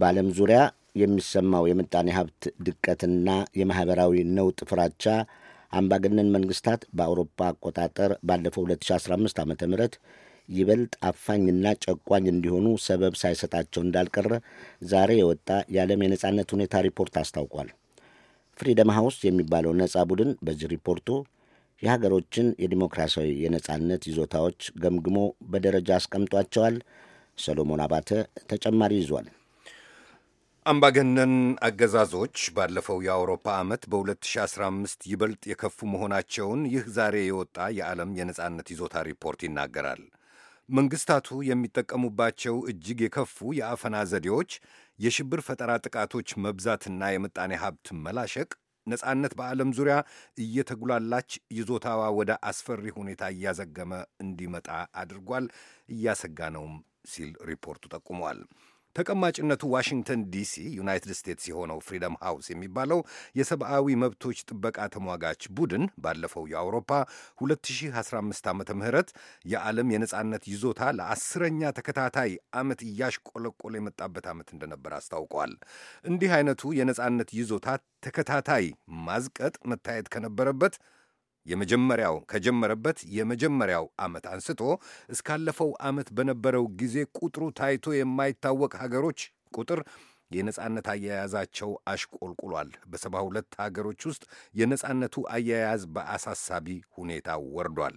በዓለም ዙሪያ የሚሰማው የምጣኔ ሀብት ድቀትና የማኅበራዊ ነውጥ ፍራቻ አምባገነን መንግስታት በአውሮፓ አቆጣጠር ባለፈው 2015 ዓ ም ይበልጥ አፋኝና ጨቋኝ እንዲሆኑ ሰበብ ሳይሰጣቸው እንዳልቀረ ዛሬ የወጣ የዓለም የነጻነት ሁኔታ ሪፖርት አስታውቋል። ፍሪደም ሃውስ የሚባለው ነጻ ቡድን በዚህ ሪፖርቱ የሀገሮችን የዲሞክራሲያዊ የነጻነት ይዞታዎች ገምግሞ በደረጃ አስቀምጧቸዋል። ሰሎሞን አባተ ተጨማሪ ይዟል። አምባገነን አገዛዞች ባለፈው የአውሮፓ ዓመት በ2015 ይበልጥ የከፉ መሆናቸውን ይህ ዛሬ የወጣ የዓለም የነጻነት ይዞታ ሪፖርት ይናገራል። መንግስታቱ የሚጠቀሙባቸው እጅግ የከፉ የአፈና ዘዴዎች፣ የሽብር ፈጠራ ጥቃቶች መብዛትና የምጣኔ ሀብት መላሸቅ ነጻነት በዓለም ዙሪያ እየተጉላላች ይዞታዋ ወደ አስፈሪ ሁኔታ እያዘገመ እንዲመጣ አድርጓል፣ እያሰጋ ነውም ሲል ሪፖርቱ ጠቁሟል። ተቀማጭነቱ ዋሽንግተን ዲሲ ዩናይትድ ስቴትስ የሆነው ፍሪደም ሃውስ የሚባለው የሰብአዊ መብቶች ጥበቃ ተሟጋች ቡድን ባለፈው የአውሮፓ 2015 ዓ ም የዓለም የነጻነት ይዞታ ለአስረኛ ተከታታይ ዓመት እያሽቆለቆለ የመጣበት ዓመት እንደነበር አስታውቋል። እንዲህ አይነቱ የነጻነት ይዞታ ተከታታይ ማዝቀጥ መታየት ከነበረበት የመጀመሪያው ከጀመረበት የመጀመሪያው ዓመት አንስቶ እስካለፈው ዓመት በነበረው ጊዜ ቁጥሩ ታይቶ የማይታወቅ ሀገሮች ቁጥር የነጻነት አያያዛቸው አሽቆልቁሏል። በሰባ ሁለት ሀገሮች ውስጥ የነጻነቱ አያያዝ በአሳሳቢ ሁኔታ ወርዷል።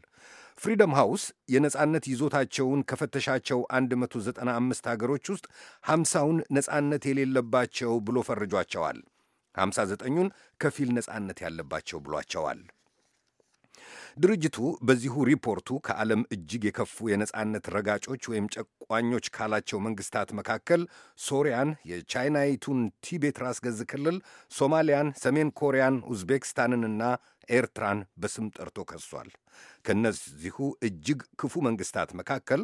ፍሪደም ሃውስ የነጻነት ይዞታቸውን ከፈተሻቸው 195 ሀገሮች ውስጥ 50ውን ነጻነት የሌለባቸው ብሎ ፈርጇቸዋል። 59ኙን ከፊል ነጻነት ያለባቸው ብሏቸዋል። ድርጅቱ በዚሁ ሪፖርቱ ከዓለም እጅግ የከፉ የነጻነት ረጋጮች ወይም ጨቋኞች ካላቸው መንግስታት መካከል ሶሪያን፣ የቻይናይቱን ቲቤት ራስ ገዝ ክልል፣ ሶማሊያን፣ ሰሜን ኮሪያን፣ ኡዝቤክስታንንና ኤርትራን በስም ጠርቶ ከሷል። ከእነዚሁ እጅግ ክፉ መንግስታት መካከል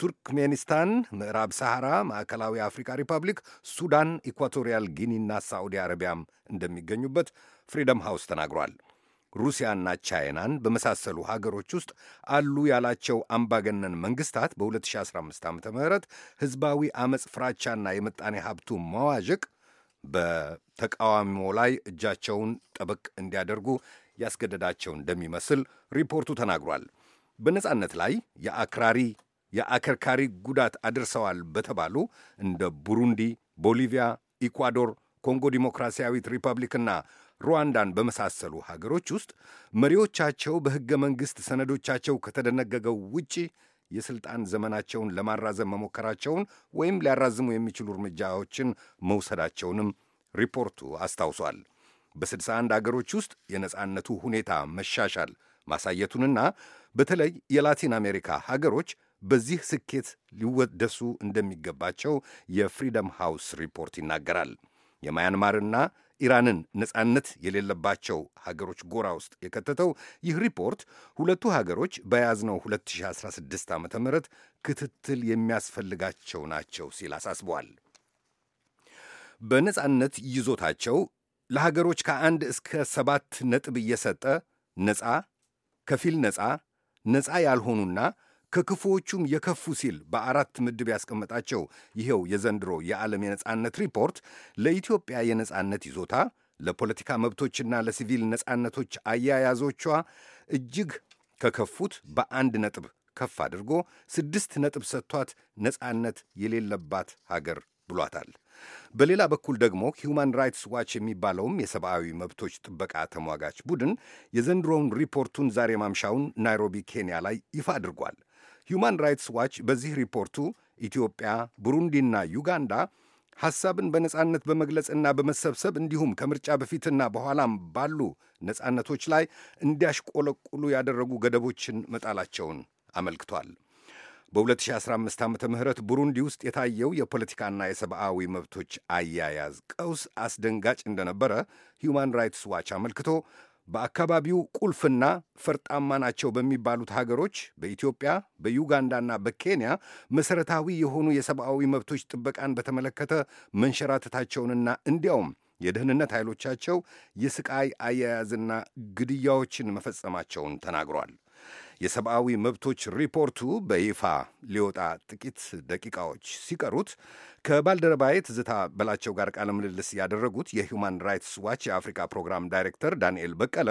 ቱርክሜኒስታን፣ ምዕራብ ሰሐራ፣ ማዕከላዊ አፍሪካ ሪፐብሊክ፣ ሱዳን፣ ኢኳቶሪያል ጊኒና ሳዑዲ አረቢያም እንደሚገኙበት ፍሪደም ሃውስ ተናግሯል። ሩሲያና ቻይናን በመሳሰሉ ሀገሮች ውስጥ አሉ ያላቸው አምባገነን መንግስታት በ2015 ዓ ም ህዝባዊ አመፅ ፍራቻና የምጣኔ ሀብቱ መዋዥቅ በተቃዋሚሞ ላይ እጃቸውን ጠበቅ እንዲያደርጉ ያስገደዳቸው እንደሚመስል ሪፖርቱ ተናግሯል። በነጻነት ላይ የአክራሪ የአከርካሪ ጉዳት አድርሰዋል በተባሉ እንደ ቡሩንዲ፣ ቦሊቪያ፣ ኢኳዶር፣ ኮንጎ ዲሞክራሲያዊት ሪፐብሊክና ሩዋንዳን በመሳሰሉ ሀገሮች ውስጥ መሪዎቻቸው በሕገ መንግሥት ሰነዶቻቸው ከተደነገገው ውጪ የሥልጣን ዘመናቸውን ለማራዘም መሞከራቸውን ወይም ሊያራዝሙ የሚችሉ እርምጃዎችን መውሰዳቸውንም ሪፖርቱ አስታውሷል። በ61 አገሮች ውስጥ የነጻነቱ ሁኔታ መሻሻል ማሳየቱንና በተለይ የላቲን አሜሪካ ሀገሮች በዚህ ስኬት ሊወደሱ እንደሚገባቸው የፍሪደም ሃውስ ሪፖርት ይናገራል። የማያንማርና ኢራንን ነጻነት የሌለባቸው ሀገሮች ጎራ ውስጥ የከተተው ይህ ሪፖርት ሁለቱ ሀገሮች በያዝነው 2016 ዓ ም ክትትል የሚያስፈልጋቸው ናቸው ሲል አሳስበዋል። በነጻነት ይዞታቸው ለሀገሮች ከአንድ እስከ ሰባት ነጥብ እየሰጠ ነጻ፣ ከፊል ነጻ፣ ነጻ ያልሆኑና ከክፉዎቹም የከፉ ሲል በአራት ምድብ ያስቀመጣቸው ይኸው የዘንድሮ የዓለም የነጻነት ሪፖርት ለኢትዮጵያ የነጻነት ይዞታ፣ ለፖለቲካ መብቶችና ለሲቪል ነጻነቶች አያያዞቿ እጅግ ከከፉት በአንድ ነጥብ ከፍ አድርጎ ስድስት ነጥብ ሰጥቷት ነጻነት የሌለባት ሀገር ብሏታል። በሌላ በኩል ደግሞ ሂውማን ራይትስ ዋች የሚባለውም የሰብአዊ መብቶች ጥበቃ ተሟጋች ቡድን የዘንድሮውን ሪፖርቱን ዛሬ ማምሻውን ናይሮቢ ኬንያ ላይ ይፋ አድርጓል። ሁማን ራይትስ ዋች በዚህ ሪፖርቱ ኢትዮጵያ፣ ቡሩንዲና ዩጋንዳ ሐሳብን በነጻነት በመግለጽና በመሰብሰብ እንዲሁም ከምርጫ በፊትና በኋላም ባሉ ነጻነቶች ላይ እንዲያሽቆለቁሉ ያደረጉ ገደቦችን መጣላቸውን አመልክቷል። በ2015 ዓ ም ቡሩንዲ ውስጥ የታየው የፖለቲካና የሰብአዊ መብቶች አያያዝ ቀውስ አስደንጋጭ እንደነበረ ሁማን ራይትስ ዋች አመልክቶ በአካባቢው ቁልፍና ፈርጣማ ናቸው በሚባሉት ሀገሮች በኢትዮጵያ፣ በዩጋንዳና በኬንያ መሠረታዊ የሆኑ የሰብአዊ መብቶች ጥበቃን በተመለከተ መንሸራተታቸውንና እንዲያውም የደህንነት ኃይሎቻቸው የስቃይ አያያዝና ግድያዎችን መፈጸማቸውን ተናግሯል። የሰብአዊ መብቶች ሪፖርቱ በይፋ ሊወጣ ጥቂት ደቂቃዎች ሲቀሩት ከባልደረባዬ ትዝታ በላቸው ጋር ቃለ ምልልስ ያደረጉት የሂውማን ራይትስ ዋች የአፍሪካ ፕሮግራም ዳይሬክተር ዳንኤል በቀለ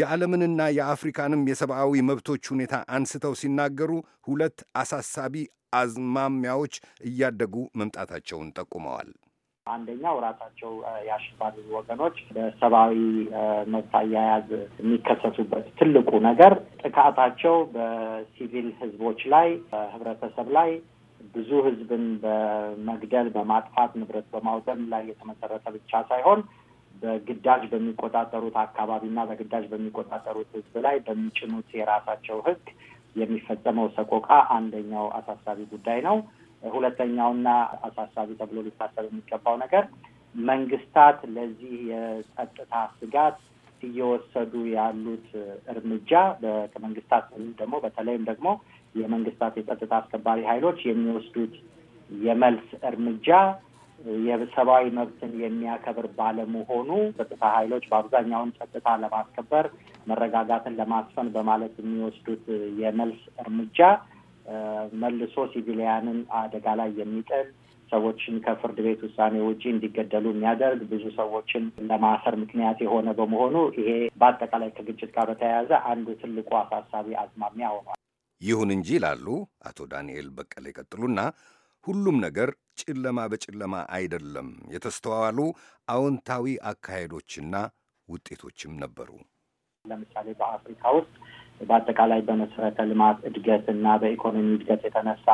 የዓለምንና የአፍሪካንም የሰብአዊ መብቶች ሁኔታ አንስተው ሲናገሩ ሁለት አሳሳቢ አዝማሚያዎች እያደጉ መምጣታቸውን ጠቁመዋል። አንደኛው ራሳቸው የአሸባሪ ወገኖች በሰብአዊ መብት አያያዝ የሚከሰሱበት ትልቁ ነገር ጥቃታቸው በሲቪል ህዝቦች ላይ ህብረተሰብ ላይ ብዙ ህዝብን በመግደል በማጥፋት ንብረት በማውደም ላይ የተመሰረተ ብቻ ሳይሆን በግዳጅ በሚቆጣጠሩት አካባቢና በግዳጅ በሚቆጣጠሩት ህዝብ ላይ በሚጭኑት የራሳቸው ህግ የሚፈጸመው ሰቆቃ አንደኛው አሳሳቢ ጉዳይ ነው። ሁለተኛውና አሳሳቢ ተብሎ ሊታሰብ የሚገባው ነገር መንግስታት ለዚህ የጸጥታ ስጋት እየወሰዱ ያሉት እርምጃ ከመንግስታት ወይም ደግሞ በተለይም ደግሞ የመንግስታት የጸጥታ አስከባሪ ኃይሎች የሚወስዱት የመልስ እርምጃ የሰብአዊ መብትን የሚያከብር ባለመሆኑ ጸጥታ ኃይሎች በአብዛኛውን ጸጥታ ለማስከበር መረጋጋትን ለማስፈን በማለት የሚወስዱት የመልስ እርምጃ መልሶ ሲቪሊያንን አደጋ ላይ የሚጥል ሰዎችን ከፍርድ ቤት ውሳኔ ውጪ እንዲገደሉ የሚያደርግ ብዙ ሰዎችን ለማሰር ምክንያት የሆነ በመሆኑ ይሄ በአጠቃላይ ከግጭት ጋር በተያያዘ አንዱ ትልቁ አሳሳቢ አዝማሚያ ሆኗል። ይሁን እንጂ ይላሉ አቶ ዳንኤል በቀለ ይቀጥሉና ሁሉም ነገር ጨለማ በጨለማ አይደለም፣ የተስተዋሉ አዎንታዊ አካሄዶችና ውጤቶችም ነበሩ። ለምሳሌ በአፍሪካ ውስጥ በአጠቃላይ በመሰረተ ልማት እድገት እና በኢኮኖሚ እድገት የተነሳ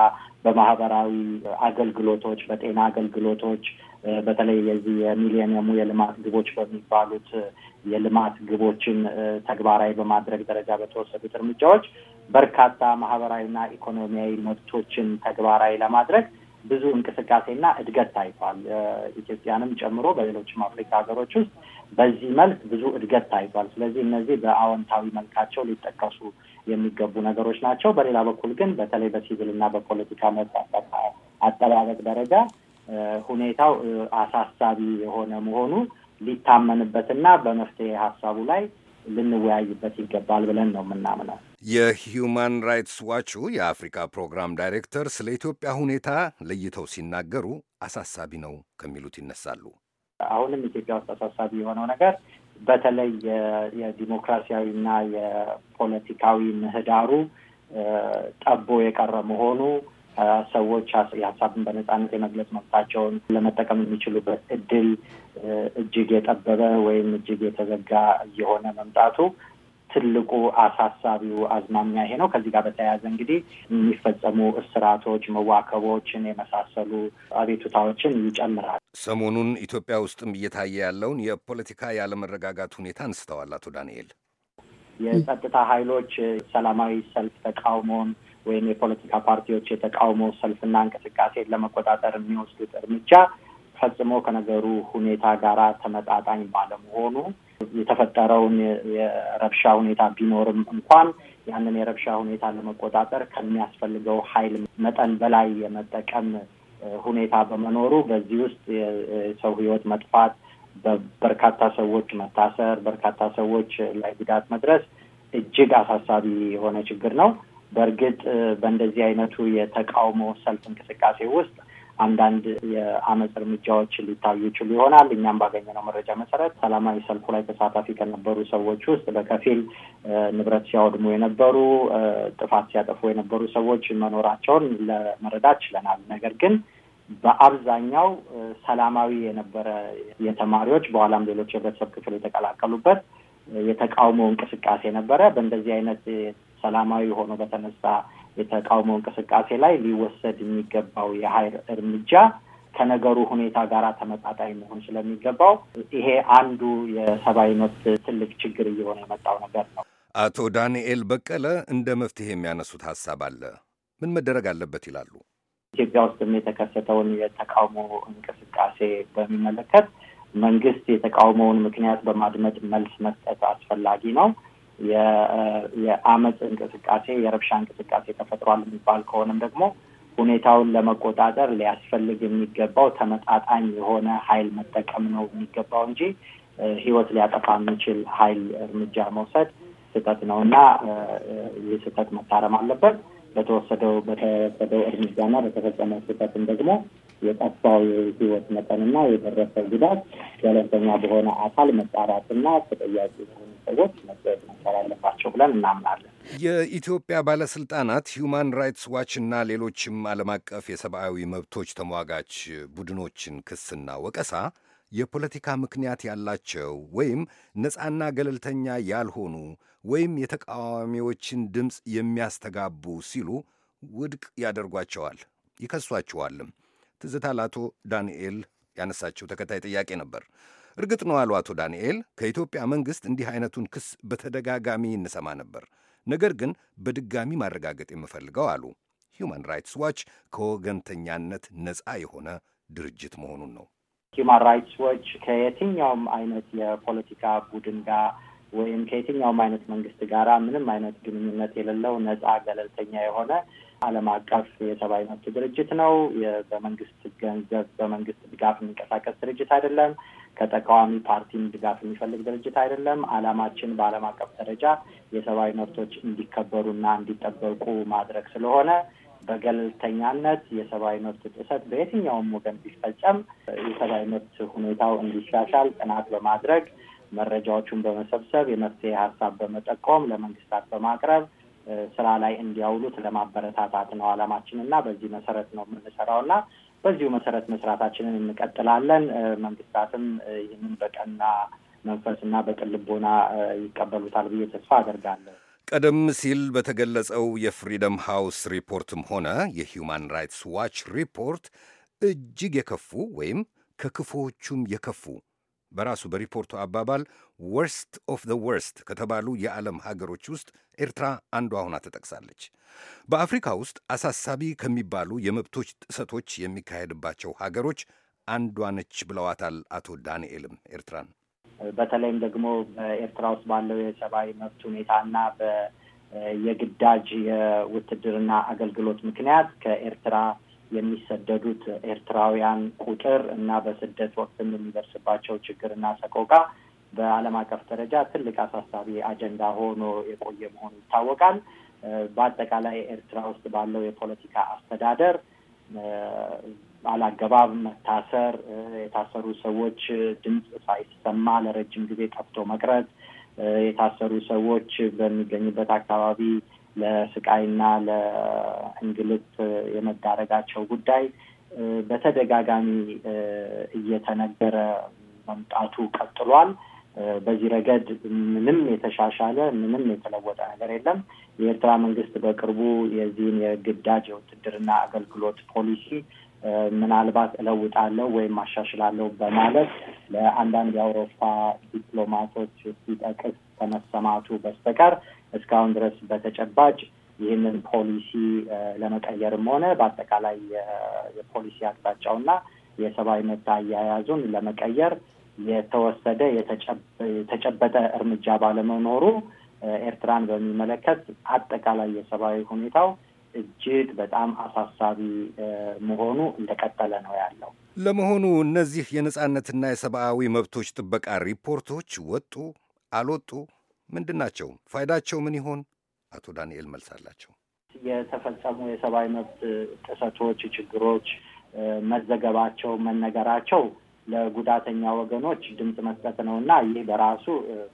በማህበራዊ አገልግሎቶች፣ በጤና አገልግሎቶች በተለይ የዚህ የሚሊኒየሙ የልማት ግቦች በሚባሉት የልማት ግቦችን ተግባራዊ በማድረግ ደረጃ በተወሰዱት እርምጃዎች በርካታ ማህበራዊና ኢኮኖሚያዊ መብቶችን ተግባራዊ ለማድረግ ብዙ እንቅስቃሴና እድገት ታይቷል። ኢትዮጵያንም ጨምሮ በሌሎችም አፍሪካ ሀገሮች ውስጥ በዚህ መልክ ብዙ እድገት ታይቷል። ስለዚህ እነዚህ በአዎንታዊ መልካቸው ሊጠቀሱ የሚገቡ ነገሮች ናቸው። በሌላ በኩል ግን በተለይ በሲቪል እና በፖለቲካ መብት አጠባበቅ ደረጃ ሁኔታው አሳሳቢ የሆነ መሆኑ ሊታመንበትና በመፍትሄ ሀሳቡ ላይ ልንወያይበት ይገባል ብለን ነው የምናምነው። የሂዩማን ራይትስ ዋቹ የአፍሪካ ፕሮግራም ዳይሬክተር ስለ ኢትዮጵያ ሁኔታ ለይተው ሲናገሩ አሳሳቢ ነው ከሚሉት ይነሳሉ። አሁንም ኢትዮጵያ ውስጥ አሳሳቢ የሆነው ነገር በተለይ የዲሞክራሲያዊና የፖለቲካዊ ምህዳሩ ጠቦ የቀረ መሆኑ ሰዎች የሀሳብን በነጻነት የመግለጽ መብታቸውን ለመጠቀም የሚችሉበት እድል እጅግ የጠበበ ወይም እጅግ የተዘጋ እየሆነ መምጣቱ ትልቁ አሳሳቢው አዝማሚያ ይሄ ነው። ከዚህ ጋር በተያያዘ እንግዲህ የሚፈጸሙ እስራቶች፣ መዋከቦችን የመሳሰሉ አቤቱታዎችን ይጨምራል። ሰሞኑን ኢትዮጵያ ውስጥም እየታየ ያለውን የፖለቲካ ያለመረጋጋት ሁኔታ አንስተዋል አቶ ዳንኤል። የጸጥታ ኃይሎች ሰላማዊ ሰልፍ ተቃውሞን ወይም የፖለቲካ ፓርቲዎች የተቃውሞ ሰልፍና እንቅስቃሴን ለመቆጣጠር የሚወስዱት እርምጃ ፈጽሞ ከነገሩ ሁኔታ ጋራ ተመጣጣኝ ባለመሆኑ የተፈጠረውን የረብሻ ሁኔታ ቢኖርም እንኳን ያንን የረብሻ ሁኔታ ለመቆጣጠር ከሚያስፈልገው ኃይል መጠን በላይ የመጠቀም ሁኔታ በመኖሩ በዚህ ውስጥ የሰው ሕይወት መጥፋት፣ በርካታ ሰዎች መታሰር፣ በርካታ ሰዎች ላይ ጉዳት መድረስ እጅግ አሳሳቢ የሆነ ችግር ነው። በእርግጥ በእንደዚህ አይነቱ የተቃውሞ ሰልፍ እንቅስቃሴ ውስጥ አንዳንድ የአመፅ እርምጃዎች ሊታዩ ይችሉ ይሆናል። እኛም ባገኘነው መረጃ መሰረት ሰላማዊ ሰልፉ ላይ ተሳታፊ ከነበሩ ሰዎች ውስጥ በከፊል ንብረት ሲያወድሙ የነበሩ፣ ጥፋት ሲያጠፉ የነበሩ ሰዎች መኖራቸውን ለመረዳት ችለናል። ነገር ግን በአብዛኛው ሰላማዊ የነበረ የተማሪዎች በኋላም ሌሎች የህብረተሰብ ክፍል የተቀላቀሉበት የተቃውሞ እንቅስቃሴ ነበረ። በእንደዚህ አይነት ሰላማዊ ሆኖ በተነሳ የተቃውሞ እንቅስቃሴ ላይ ሊወሰድ የሚገባው የሀይል እርምጃ ከነገሩ ሁኔታ ጋር ተመጣጣኝ መሆን ስለሚገባው ይሄ አንዱ የሰብአዊ መብት ትልቅ ችግር እየሆነ የመጣው ነገር ነው። አቶ ዳንኤል በቀለ እንደ መፍትሄ የሚያነሱት ሀሳብ አለ። ምን መደረግ አለበት ይላሉ? ኢትዮጵያ ውስጥም የተከሰተውን የተቃውሞ እንቅስቃሴ በሚመለከት መንግስት የተቃውሞውን ምክንያት በማድመጥ መልስ መስጠት አስፈላጊ ነው። የአመፅ እንቅስቃሴ፣ የረብሻ እንቅስቃሴ ተፈጥሯል የሚባል ከሆነም ደግሞ ሁኔታውን ለመቆጣጠር ሊያስፈልግ የሚገባው ተመጣጣኝ የሆነ ኃይል መጠቀም ነው የሚገባው እንጂ ህይወት ሊያጠፋ የሚችል ሀይል እርምጃ መውሰድ ስህተት ነው እና ይህ ስህተት መታረም አለበት። በተወሰደው በተወሰደው እርምጃና በተፈጸመ ስህተትም ደግሞ የጠፋው ህይወት መጠንና የደረሰው ጉዳት ገለልተኛ በሆነ አካል መጣራትና ተጠያቂ የሆኑ ሰዎች መጠየቅ መቻል አለባቸው ብለን እናምናለን። የኢትዮጵያ ባለስልጣናት ሁማን ራይትስ ዋች እና ሌሎችም ዓለም አቀፍ የሰብአዊ መብቶች ተሟጋች ቡድኖችን ክስና ወቀሳ የፖለቲካ ምክንያት ያላቸው ወይም ነፃና ገለልተኛ ያልሆኑ ወይም የተቃዋሚዎችን ድምፅ የሚያስተጋቡ ሲሉ ውድቅ ያደርጓቸዋል፣ ይከሷቸዋልም። ትዝታ ለአቶ ዳንኤል ያነሳቸው ተከታይ ጥያቄ ነበር። እርግጥ ነው አሉ አቶ ዳንኤል፣ ከኢትዮጵያ መንግሥት እንዲህ አይነቱን ክስ በተደጋጋሚ እንሰማ ነበር። ነገር ግን በድጋሚ ማረጋገጥ የምፈልገው አሉ ሂዩማን ራይትስ ዋች ከወገንተኛነት ነፃ የሆነ ድርጅት መሆኑን ነው። ሂውማን ራይትስ ዋች ከየትኛውም አይነት የፖለቲካ ቡድን ጋር ወይም ከየትኛውም አይነት መንግስት ጋራ ምንም አይነት ግንኙነት የሌለው ነፃ ገለልተኛ የሆነ ዓለም አቀፍ የሰብአዊ መብት ድርጅት ነው። በመንግስት ገንዘብ በመንግስት ድጋፍ የሚንቀሳቀስ ድርጅት አይደለም። ከተቃዋሚ ፓርቲም ድጋፍ የሚፈልግ ድርጅት አይደለም። ዓላማችን በዓለም አቀፍ ደረጃ የሰብአዊ መብቶች እንዲከበሩና እንዲጠበቁ ማድረግ ስለሆነ በገለልተኛነት የሰብአዊ መብት ጥሰት በየትኛውም ወገን ቢፈጸም የሰብአዊ መብት ሁኔታው እንዲሻሻል ጥናት በማድረግ መረጃዎቹን በመሰብሰብ የመፍትሄ ሀሳብ በመጠቆም ለመንግስታት በማቅረብ ስራ ላይ እንዲያውሉት ለማበረታታት ነው አላማችን እና በዚህ መሰረት ነው የምንሰራው እና በዚሁ መሰረት መስራታችንን እንቀጥላለን። መንግስታትም ይህንን በቀና መንፈስና በቅን ልቦና ይቀበሉታል ብዬ ተስፋ አደርጋለሁ። ቀደም ሲል በተገለጸው የፍሪደም ሃውስ ሪፖርትም ሆነ የሂውማን ራይትስ ዋች ሪፖርት እጅግ የከፉ ወይም ከክፉዎቹም የከፉ በራሱ በሪፖርቱ አባባል ወርስት ኦፍ ዘ ወርስት ከተባሉ የዓለም ሀገሮች ውስጥ ኤርትራ አንዷ ሆና ተጠቅሳለች። በአፍሪካ ውስጥ አሳሳቢ ከሚባሉ የመብቶች ጥሰቶች የሚካሄድባቸው ሀገሮች አንዷ ነች ብለዋታል አቶ ዳንኤልም ኤርትራን በተለይም ደግሞ በኤርትራ ውስጥ ባለው የሰብአዊ መብት ሁኔታና በየግዳጅ የውትድርና አገልግሎት ምክንያት ከኤርትራ የሚሰደዱት ኤርትራውያን ቁጥር እና በስደት ወቅትም የሚደርስባቸው ችግርና ሰቆቃ በዓለም አቀፍ ደረጃ ትልቅ አሳሳቢ አጀንዳ ሆኖ የቆየ መሆኑ ይታወቃል። በአጠቃላይ ኤርትራ ውስጥ ባለው የፖለቲካ አስተዳደር አላገባብ መታሰር፣ የታሰሩ ሰዎች ድምፅ ሳይሰማ ለረጅም ጊዜ ጠፍቶ መቅረት፣ የታሰሩ ሰዎች በሚገኙበት አካባቢ ለስቃይና ለእንግልት የመዳረጋቸው ጉዳይ በተደጋጋሚ እየተነገረ መምጣቱ ቀጥሏል። በዚህ ረገድ ምንም የተሻሻለ ምንም የተለወጠ ነገር የለም። የኤርትራ መንግስት በቅርቡ የዚህን የግዳጅ የውትድርና አገልግሎት ፖሊሲ ምናልባት እለውጣለሁ ወይም አሻሽላለሁ በማለት ለአንዳንድ የአውሮፓ ዲፕሎማቶች ሲጠቅስ ከመሰማቱ በስተቀር እስካሁን ድረስ በተጨባጭ ይህንን ፖሊሲ ለመቀየርም ሆነ በአጠቃላይ የፖሊሲ አቅጣጫውና የሰብአዊ መብት አያያዙን ለመቀየር የተወሰደ የተጨበጠ እርምጃ ባለመኖሩ ኤርትራን በሚመለከት አጠቃላይ የሰብአዊ ሁኔታው እጅግ በጣም አሳሳቢ መሆኑ እንደቀጠለ ነው ያለው። ለመሆኑ እነዚህ የነጻነትና የሰብአዊ መብቶች ጥበቃ ሪፖርቶች ወጡ? አልወጡ ምንድን ናቸው? ፋይዳቸው ምን ይሆን? አቶ ዳንኤል መልስ አላቸው። የተፈጸሙ የሰብአዊ መብት ጥሰቶች፣ ችግሮች መዘገባቸው፣ መነገራቸው ለጉዳተኛ ወገኖች ድምፅ መስጠት ነው እና ይህ በራሱ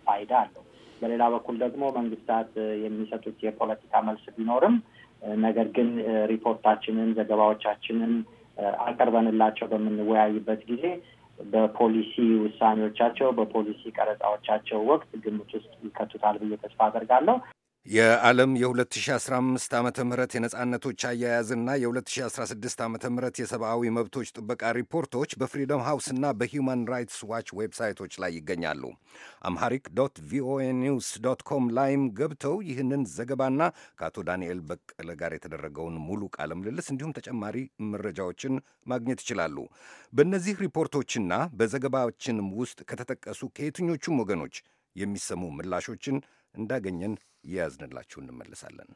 ፋይዳ አለው። በሌላ በኩል ደግሞ መንግስታት የሚሰጡት የፖለቲካ መልስ ቢኖርም ነገር ግን ሪፖርታችንን ዘገባዎቻችንን አቅርበንላቸው በምንወያይበት ጊዜ በፖሊሲ ውሳኔዎቻቸው፣ በፖሊሲ ቀረጻዎቻቸው ወቅት ግምት ውስጥ ይከቱታል ብዬ ተስፋ አደርጋለሁ። የዓለም የ2015 ዓ ም የነጻነቶች አያያዝና የ2016 ዓ ም የሰብአዊ መብቶች ጥበቃ ሪፖርቶች በፍሪደም ሃውስና በሂውማን ራይትስ ዋች ዌብሳይቶች ላይ ይገኛሉ። አምሃሪክ ዶት ቪኦኤ ኒውስ ዶት ኮም ላይም ገብተው ይህንን ዘገባና ከአቶ ዳንኤል በቀለ ጋር የተደረገውን ሙሉ ቃለ ምልልስ እንዲሁም ተጨማሪ መረጃዎችን ማግኘት ይችላሉ። በእነዚህ ሪፖርቶችና በዘገባችንም ውስጥ ከተጠቀሱ ከየትኞቹም ወገኖች የሚሰሙ ምላሾችን እንዳገኘን የያዝንላችሁ እንመለሳለን።